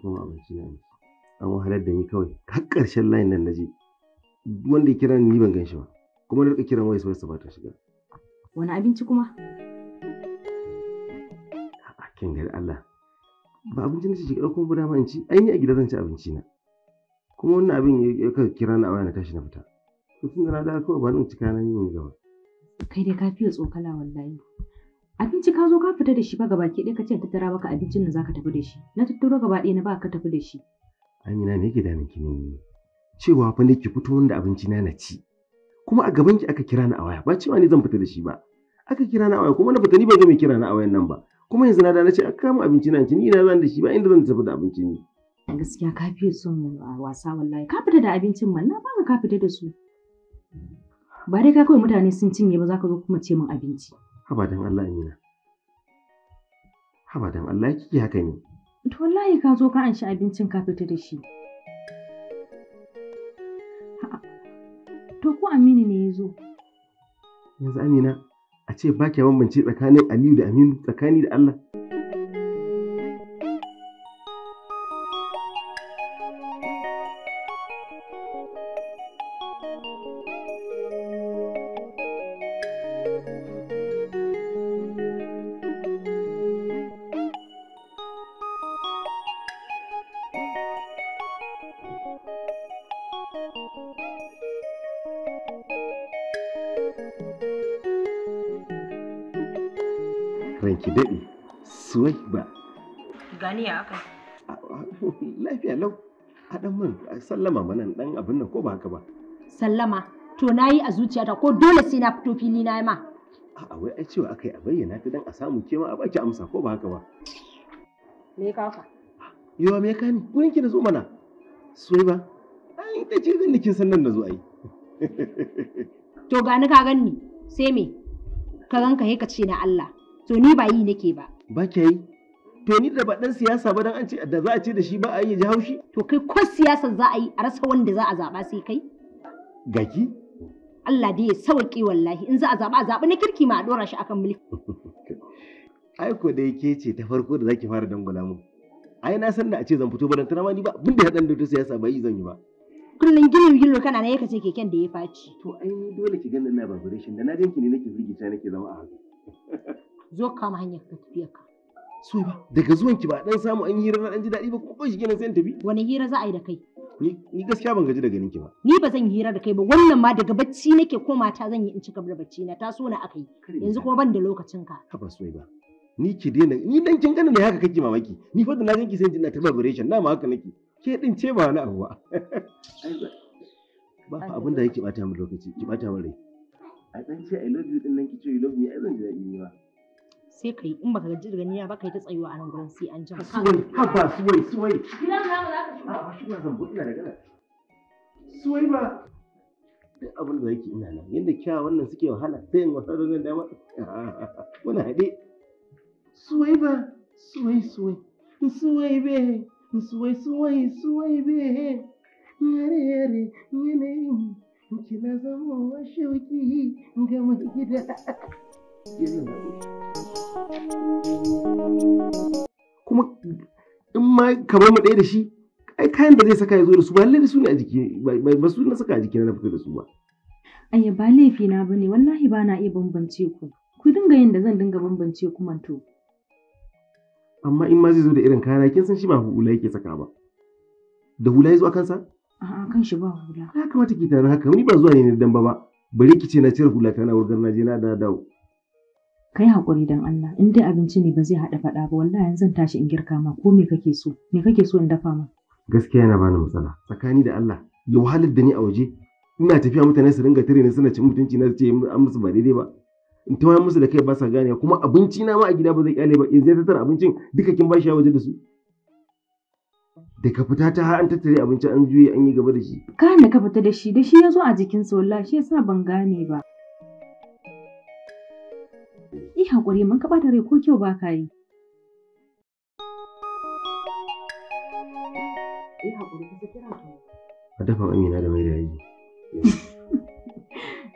kuma a na an wahalar da ni kawai har ƙarshen layin nan na je wanda ya kira ni ban gan shi ba kuma na rika kiran wayar sa ba shiga wani abinci kuma a kin gari Allah ba abinci na ci ɗauko ba dama in ci an yi a gida zan ci abinci na kuma wannan abin ya kira na a waya na tashi na fita to da na dawo kawai ba nan cika na yin gaba kai dai ka fiye tsokala wallahi abinci ka zo ka fita da shi ba gabaki ɗaya ka ce tattara maka abincin da zaka tafi da shi na tattaro gaba ɗaya na ba ka tafi da shi amina me yake damin ki ne cewa fa ne ki fito wanda abinci na na ci kuma a gaban ki aka kira ni a waya ba cewa ni zan fita da shi ba aka kira ni a waya kuma na fita ni ba ga mai kira ni a wayan nan ba kuma yanzu na da na ce aka kama abinci na ci ni ina zan da shi ba inda zan tafi da abinci ni gaskiya ka fi son wasa wallahi ka fita da abincin man na ba ka fita da su ba dai ka kawai mutane sun cinye ba za ka zo kuma ce min abinci Habadan Allah Amina. Habadan Allah kike haka ne. To wallahi ka zo ka anshi abincin ka fita da shi. To ko Aminu ne ya zo? Yanzu Amina, a ce ba ki bambanci tsakanin Aliyu da Aminu tsakani da Allah. gani A aka lafiya lau a dan man sallama mana dan abin nan ko ba haka ba sallama to nayi a zuciyata ko dole sai na fito fili na ma a'a wai a cewa akai a bayyana ta dan a samu ma a baki amsa ko ba haka ba me ka ka yawa me ka ni gurin ki na zo mana soyi ba ai ta ce zan kin san nan nazo zo ai to gani ka ganni sai me ka ganka he ka ce na Allah to ni ba yi nake ba ba ke yi to ni da ba dan siyasa ba dan an ce da za a ce da shi ba a yi ji haushi to kai ko siyasa za a yi a rasa wanda za a zaba sai kai gaki Allah dai ya sauke wallahi in za a zaba a na kirki ma a dora shi akan mulki ai ko dai ke ce ta farko da zaki fara dangula mu ai na san da a ce zan fito ba dan tana ma ni ba bin da hadan da siyasa ba yi zan yi ba kullum gilin gilin kana ne kace keken da ya faci to ai ni dole ki ganin na babu rashin da na ganki ne nake firgita nake zama a haka zo ka ma hanyar ka tafiya ka so ba daga zuwan ki ba dan samu an hira na dan ji dadi ba kuma shi kenan sai in tafi wani hira za a yi da kai ni gaskiya ban gaji da ganin ki ba ni ba zan yi hira da kai ba wannan ma daga bacci nake ko mata zan yi in cika da bacci na taso na akai yanzu kuma ban da lokacin ka ba so ba ni ki daina ni dan kin gane ne haka kake mamaki ni fa da na ganki sai in ji na ta vibration na ma haka nake ke din ce ba wani abu ba ba fa abin da yake bata min lokaci ki bata min rai a dan ce i love you din nan ki ce you love me ai zan ji daɗi ni ba sai kai in baka gaji daga niyya ba yi ta tsayuwa a nan gurin sai an ka suwai ba suwai suwai na ba za ka shiga a shiga zan buɗe da gana suwai ba duk abin da yake ina nan yadda kya wannan suke wahala sai in wasa nan dama muna haɗe suwai ba suwai suwai suwai be suwai suwai suwai be yare yare yanayin kina zama wa shauki ga mai gida Yanzu na kuma in ma kamar mu ɗaya da shi ai kayan da zai saka ya zo da su ba lallai su ne a jiki ba su na saka a jiki na fito da su ba ayya ba laifi na bane wallahi ba na iya bambance ku ku dinga yin da zan dinga bambance ku manto amma in ma zai zo da irin kaya kin san shi ba hula yake saka ba da hula ya zo a kansa a'a kan shi ba hula ya kamata ki tana haka ni ba zuwa ne dan ba ba bari ki ce na cire hula ta na wurgar na je na dawo kai haƙuri dan Allah in dai abinci ne ba zai haɗa faɗa ba wallahi yanzu zan tashi in girka ma ko me kake so me kake so in dafa ma gaskiya yana bani matsala tsakani da Allah ya wahalar da ni a waje ina tafiya mutane su ringa tare ni suna cin mutunci na ce an musu ba daidai ba in ta musu da kai ba sa gane kuma abinci na ma a gida ba zai kyale ba in zai tattara abincin duka kin bashi a waje da su da fita ta an tattare abinci an juye an yi gaba da shi kana da ka fita da shi da shi ya zo a jikinsa wallahi shi yasa ban gane ba yi haƙuri mun kaɓa da rai ko kyau ba ka yi. A dafa amina da mai da yaji.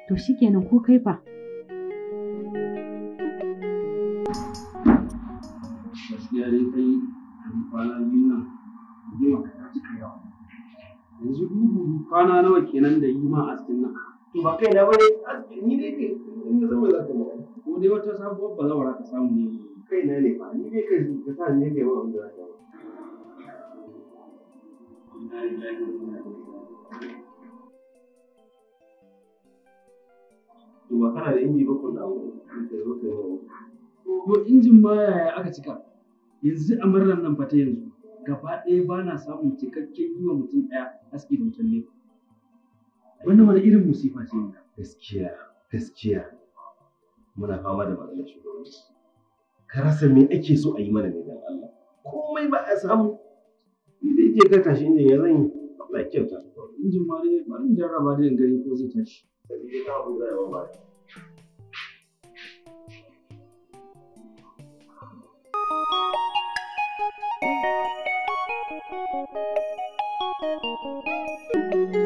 To shi kenan ko kai fa. Gaskiya dai kai kwana biyu nan rigima ka cika yawa. Yanzu kwana nawa kenan da yi ma askin nan. ba kai na bane askin ni dai in zama za ka ko dai wata sabuwar bazawara ka samu ne kai na ne ba ni dai ka ka sa ne kai wa wanda zaka to ba kana da inji ba kun da to injin ma yaya aka cika yanzu a marar nan fata yanzu gaba ɗaya ba na samun cikakken yi wa mutum ɗaya haske da mutum ne wannan wani irin musifa ce gaskiya gaskiya muna fama da matsalar shugabanci ka rasa me ake so a yi mana ne dan Allah komai ba a samu Idan je ka tashi injin ya zan yi Allah ya kyauta injin ma dai ba in jarraba dai in gani ko zai tashi sai dai ka buga yawa ba Thank you.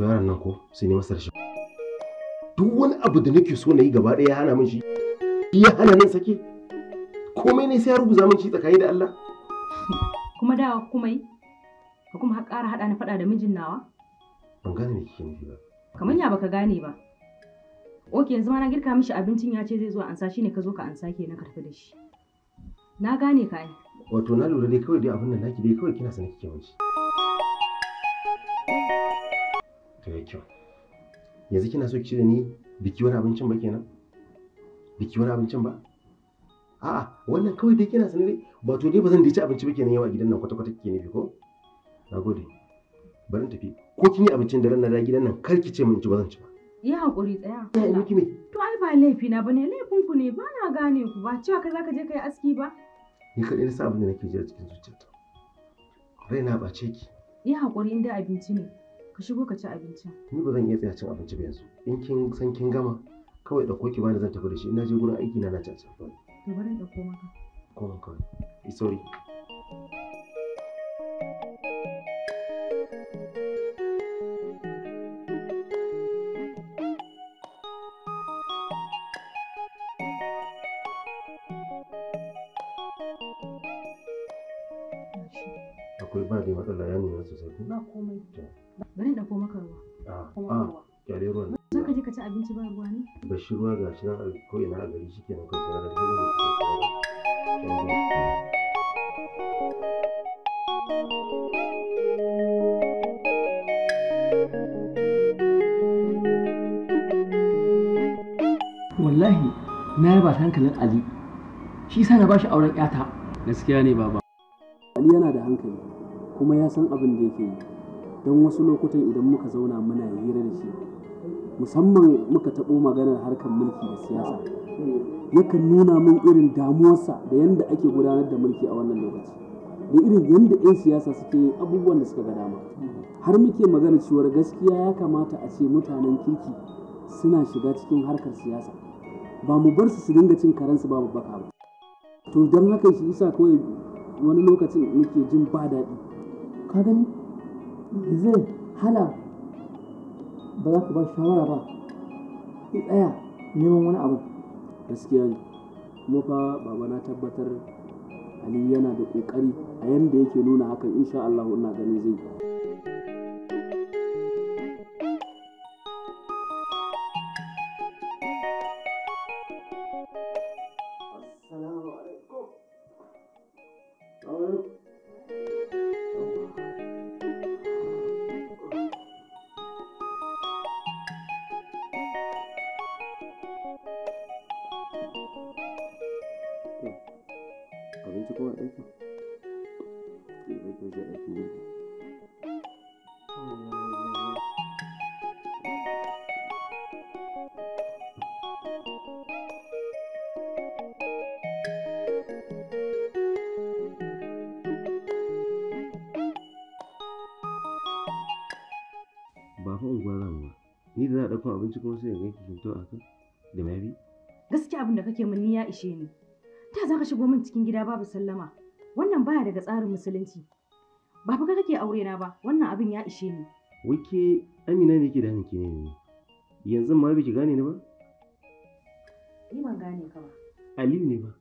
wato yaron nan ko sai ne masa rashin duk wani abu da nake so na yi gaba ɗaya ya hana min shi ya hana nan sake komai ne sai ya rubuta min shi tsakani da Allah kuma dawa kuma yi ka kuma ha ƙara haɗa na faɗa da mijin nawa ban gane me kike nufi ba kamar ya baka gane ba Oke yanzu ma na girka mishi abincin ya ce zai zo ansa shine ka zo ka ansa kenan na karfi da shi na gane ka ai wato na lura dai kawai dai abin nan naki dai kawai kina sanin kike mun shi to kyau yanzu kina so ki da ni biki wani abincin ba kenan biki wani abincin ba a'a wannan kawai dai kina sanare ba to dai ba zan ci abinci ba kenan yawa gidan nan kwata kwata kike nufi ko nagode bari tafi ko kin yi abincin da na da gidan nan kar ki ce min ci ba zan ci ba yi hakuri tsaya ya miki me to ai ba laifi na bane laifin ku ne ba na gane ku ba cewa kai zaka je kai aski ba ni kadai na sa abin da nake ji a cikin zuciyata raina ba ce ki yi hakuri inda abinci ne Ka shigo ka ci abinci. Ni ba zan iya tsaya cin abinci ba yanzu. In kin san kin gama kawai ɗauko ki bani zan tafi da shi. Ina je gurin aiki na na ci a To bari ɗauko maka. Ko kawai. Eh, sorry. akwai ba dai matsala ya nuna sosai ko ba komai bari da ko maka ruwa ah, a kyare ah, ruwa za ka je ka ci abinci ba ruwa ne ba shi ruwa ga shi nan ko ina a gari shi kenan kai sai da ruwa wallahi na yaba hankalin ali shi sa na bashi auren yata gaskiya ne baba ali yana da hankali kuma ya san abin da yake yi don wasu lokutan idan muka zauna muna hira da shi musamman muka taɓo maganar harkar mulki da siyasa yakan nuna min irin damuwarsa da yadda ake gudanar da mulki a wannan lokaci da irin yadda 'yan siyasa suke yin abubuwan da suka ga dama har muke magana cewar gaskiya ya kamata a ce mutanen kirki suna shiga cikin harkar siyasa ba mu bar su su dinga cin karensu babu baka ba to don haka shi isa kawai wani lokacin muke jin ba daɗi ka zai hana ba za ba shawara ba ki tsaya neman wani abu gaskiya ne kuma fa babana tabbatar Ali yana da ƙoƙari a yanda yake nuna hakan insha allahu ina ganin zai yi. abinci kuma aiki ke aiki zai aiki ne ba fa unguwar ramuwa ni da za a ɗauko abinci kuma sai ya ganki kin to a kan da mabi gaskiya abin da kake mun ni ya ishe ni ta za ka shigo min cikin gida babu sallama wannan baya daga tsarin musulunci ba fa kake aure na ba wannan abin ya ishe ni wike amina ne yake da hanki ne yanzu ma biki gane ni ba ni ban gane ka ba aliyu ne ba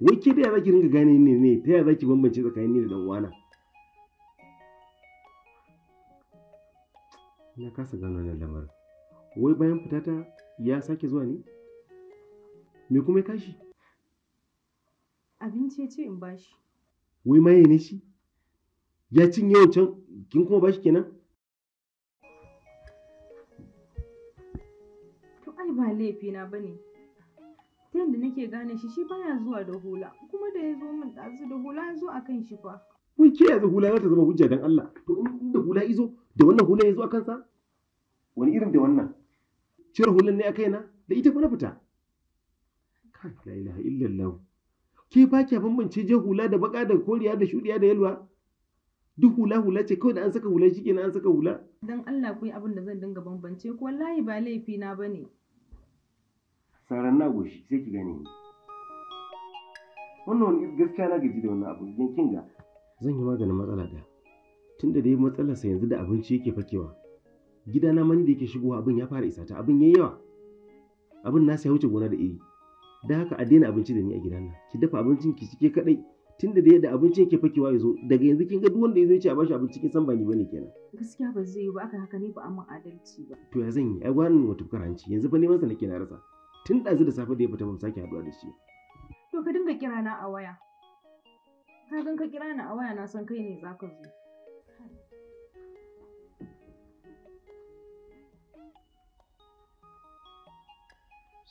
wike da ya zaki ringa gane ni ne ta ya zaki bambance tsakanin ni da dan uwana na kasa gano wannan lamarin wai bayan fitata ya sake zuwa ne me kuma ya kashi Abinci ya ce in shi. Wai maye ne shi? Ya cinye wancan kin kuma bashi kenan? To ai ba na ba ne. Ta yadda nake gane shi shi baya zuwa da hula kuma da ya zo min ɗazu da hula ya zo a kan shi fa. Wai ke yanzu hula za ta zama hujja don Allah. To in da hula izo da wannan hula ya zo a kansa? Wani irin da wannan? Cire hulan ne a kaina da ita fa na fita. Kai la ilaha illallah. ke ba kya bambance je hula da baka da koriya da shudiya da yalwa duk hula hula ce kawai da an saka hula shi kenan an saka hula dan Allah ku yi abin da zan dinga bambance ko wallahi ba laifi na bane saran na goshi sai ki gani. wannan gaskiya na gaji da wannan abu yankin ga zan yi maganin matsala ɗaya tunda dai sa yanzu da abinci yake fakewa gidana mani da yake shigowa abin ya fara isa ta abin yayi yawa abin na sai wuce gona da iri da haka a daina abinci da ni a gidan nan ki dafa abincin ki cike kadai tunda da yadda abincin yake fakewa ya zo daga yanzu kin ga duk wanda ya zo ya ce a bashi abinci kin san ba ni bane kenan gaskiya ba zai yi ba aka haka ne ba amma adalci ba to ya zan yi ai gwanin wata tukar yanzu fa neman sa nake na rasa tun ɗazu da safe da ya fita mun sake haduwa da shi to ka dinga kira na a waya ka gan ka kira na a waya na san kai ne zaka zo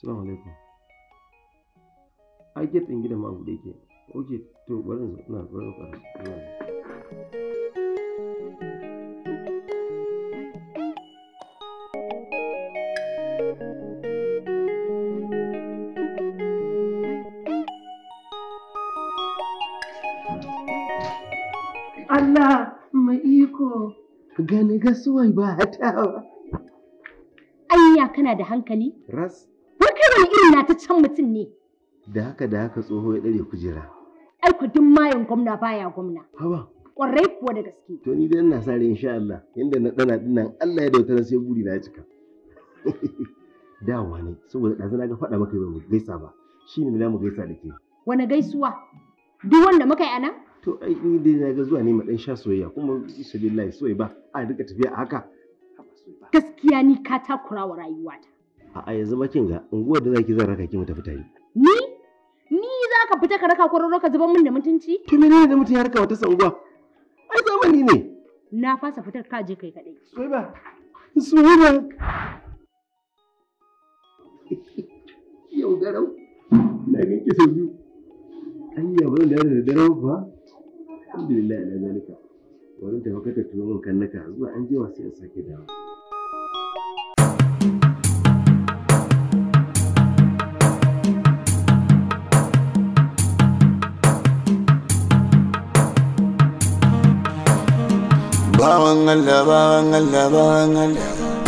Assalamu alaikum. ai get din gidan ma bude ke oke to bari na bari na Allah mai iko gani gasuwai ba hatawa. Ayya kana da hankali? Ras. Wai wani irin na ta can mutum ne. da haka da haka tsoho ya dare kujera. Ai ku mayan gwamna baya gwamna. Haba. Ƙwarai kuwa da gaske. To ni dai ina sa rai insha Allah inda na ɗana dinnan Allah ya dauta sai buri na cika. Dawa ne saboda ɗazu na ga faɗa maka ba gaisa ba shine da mu gaisa da ke. Wani gaisuwa? Duk wanda muka yi anan? To ai ni dai na ga zuwa ne ma ɗan sha soyayya kuma isa soyayya ba a duka tafiya a haka. Gaskiya ni ka takura wa rayuwata. A'a yanzu ma kin ga unguwar da zaki zan raka ki mu tafi tare. Ni fita ka raka kwararo ka zuba min da mutunci? Ki menene da mutum ya raka wata sau Ai zamani ne. Na fasa fitar ka je kai kaɗai. Suwaiba, ba Yau garau, na gan ki sau biyu. yi ba da da daren ba? Alhamdulillah ina zalika. Wannan taimakon ta tuwo kan naka zuwa an je wasu yan sake dawo. bawan Allah bawan Allah Allah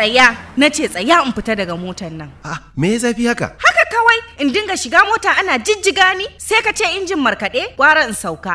tsaya na ce tsaya in fita daga motan nan ah me ya zafi haka haka kawai in dinga shiga mota ana jijjiga ni sai ka ce injin markaɗe gwara in sauka